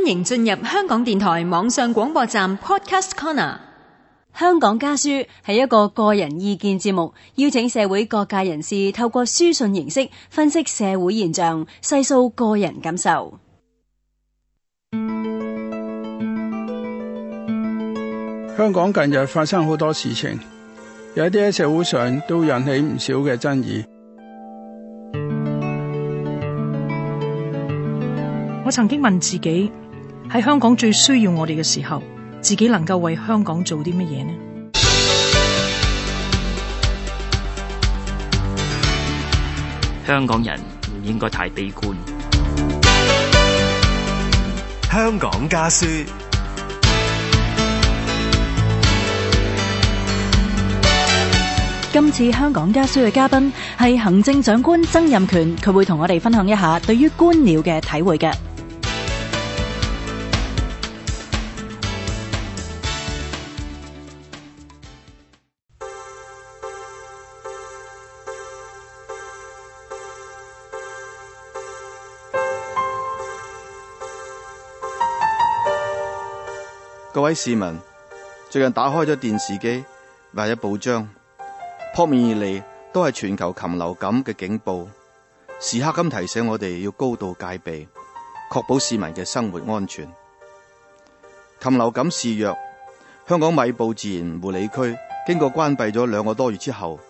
歡迎進入香港電台網上廣播站 Podcast Corner。香港家書係一個個人意見節目，邀請社會各界人士透過書信形式分析社會現象，細數個人感受。香港近日發生好多事情，有一啲喺社會上都引起唔少嘅爭議。我曾經問自己。喺香港最需要我哋嘅時候，自己能夠為香港做啲乜嘢呢？香港人唔應該太悲觀。香港家書。今次香港家書嘅嘉賓係行政長官曾蔭權，佢會同我哋分享一下對於觀鳥嘅體會嘅。各位市民，最近打開咗電視機或者報章，撲面而嚟都係全球禽流感嘅警報，時刻咁提醒我哋要高度戒備，確保市民嘅生活安全。禽流感肆虐，香港米埔自然護理區經過關閉咗兩個多月之後，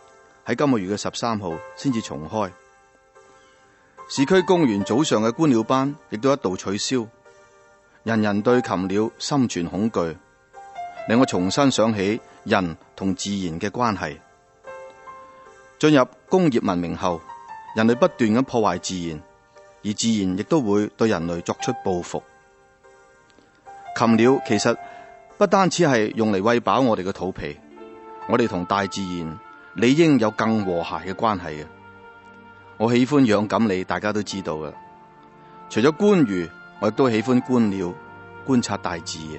喺今個月嘅十三號先至重開。市區公園早上嘅觀鳥班亦都一度取消。人人對禽鳥心存恐懼，令我重新想起人同自然嘅關係。進入工業文明後，人類不斷咁破壞自然，而自然亦都會對人類作出報復。禽鳥其實不單止係用嚟餵飽我哋嘅肚皮，我哋同大自然理應有更和諧嘅關係嘅。我喜歡養錦鯉，大家都知道嘅。除咗觀魚，我亦都喜歡觀鳥、觀察大自然。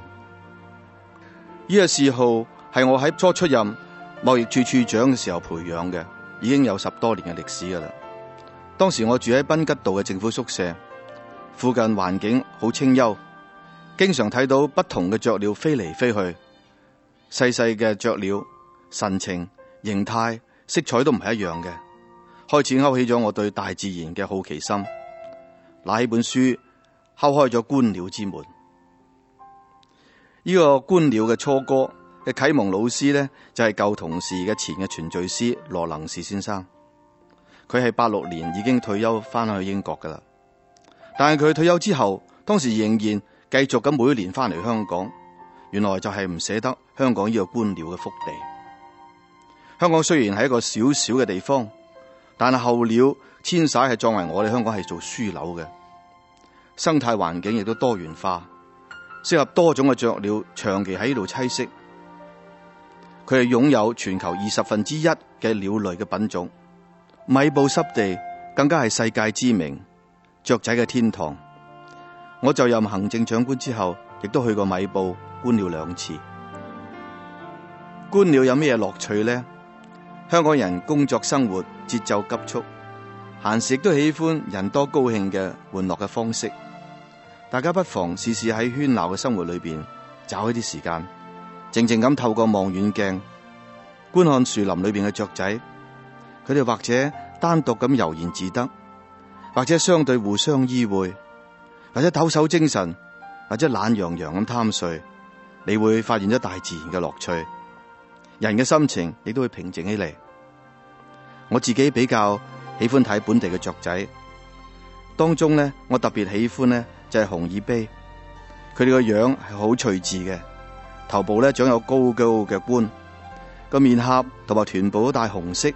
呢、這個嗜好係我喺初出任貿易處處長嘅時候培養嘅，已經有十多年嘅歷史噶啦。當時我住喺賓吉道嘅政府宿舍，附近環境好清幽，經常睇到不同嘅雀鳥飛嚟飛去，細細嘅雀鳥神情、形態、色彩都唔係一樣嘅，開始勾起咗我對大自然嘅好奇心，拿起本書，敲開咗觀鳥之門，呢個觀鳥嘅初哥嘅啟蒙老師咧，就係舊同事嘅前嘅銓敘司羅能士先生。佢係八六年已經退休翻去英國噶啦，但係佢退休之後，當時仍然繼續咁每年翻嚟香港，原來就係唔捨得香港呢個觀鳥嘅福地。香港雖然係一個小小嘅地方，但係候鳥遷徙係作為我哋香港係做樞紐嘅。生態環境亦都多元化，適合多種嘅雀鳥長期喺呢度棲息。佢係擁有全球二十分之一嘅鳥類嘅品種。米埔濕地更加係世界知名雀仔嘅天堂。我就任行政長官之後，亦都去過米埔觀鳥兩次。觀鳥有咩嘢樂趣呢？香港人工作生活節奏急促，閒時亦都喜歡人多高興嘅玩樂嘅方式。大家不妨試試喺喧鬧嘅生活裏邊，找一啲時間，靜靜咁透過望遠鏡觀看樹林裏邊嘅雀仔。佢哋或者單獨咁悠然自得，或者相對互相依偎，或者抖擻精神，或者懶洋洋咁貪睡。你會發現咗大自然嘅樂趣，人嘅心情亦都會平靜起嚟。我自己比較喜歡睇本地嘅雀仔，當中呢，我特別喜歡呢。就係紅耳鵯，佢哋個樣係好趣致嘅，頭部咧長有高高嘅冠，個面頰同埋臀部都帶紅色。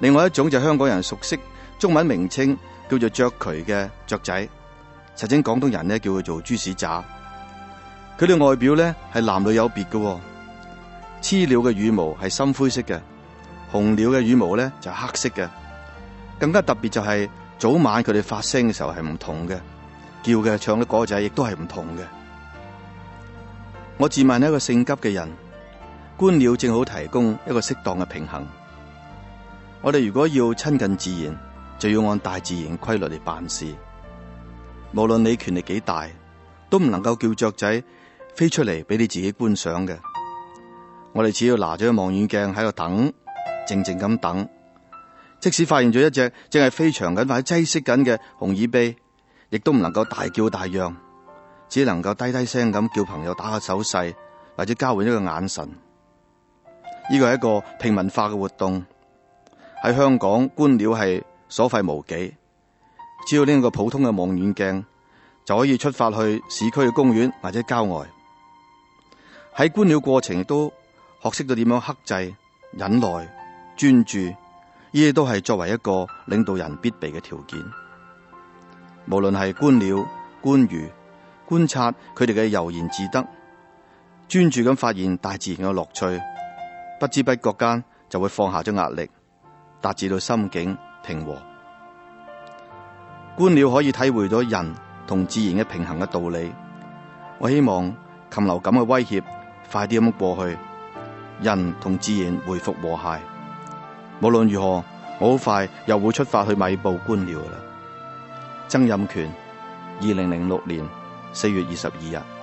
另外一種就係香港人熟悉中文名稱叫做雀渠嘅雀仔，曾經廣東人咧叫佢做豬屎渣。佢哋外表咧係男女有別嘅、哦，雌鳥嘅羽毛係深灰色嘅，雄鳥嘅羽毛咧就是、黑色嘅。更加特別就係、是、早晚佢哋發聲嘅時候係唔同嘅。叫嘅唱嘅歌仔亦都係唔同嘅。我自問係一個性急嘅人，觀鳥正好提供一個適當嘅平衡。我哋如果要親近自然，就要按大自然規律嚟辦事。無論你權力幾大，都唔能夠叫雀仔飛出嚟俾你自己觀賞嘅。我哋只要拿咗個望遠鏡喺度等，靜靜咁等。即使發現咗一隻正係飛翔緊、或者棲息緊嘅紅耳鵯。亦都唔能夠大叫大嚷，只能夠低低聲咁叫朋友打下手勢，或者交換一個眼神。呢個係一個平民化嘅活動。喺香港觀鳥係所費無幾，只要拎一個普通嘅望遠鏡，就可以出發去市區嘅公園或者郊外。喺觀鳥過程都學識咗點樣克制、忍耐、專注，呢啲都係作為一個領導人必備嘅條件。無論係觀鳥、觀魚、觀察佢哋嘅悠然自得，專注咁發現大自然嘅樂趣，不知不覺間就會放下咗壓力，達至到心境平和。觀鳥可以體會到人同自然嘅平衡嘅道理。我希望禽流感嘅威脅快啲咁過去，人同自然回復和諧。無論如何，我好快又會出發去米埔觀鳥啦。曾蔭權，二零零六年四月二十二日。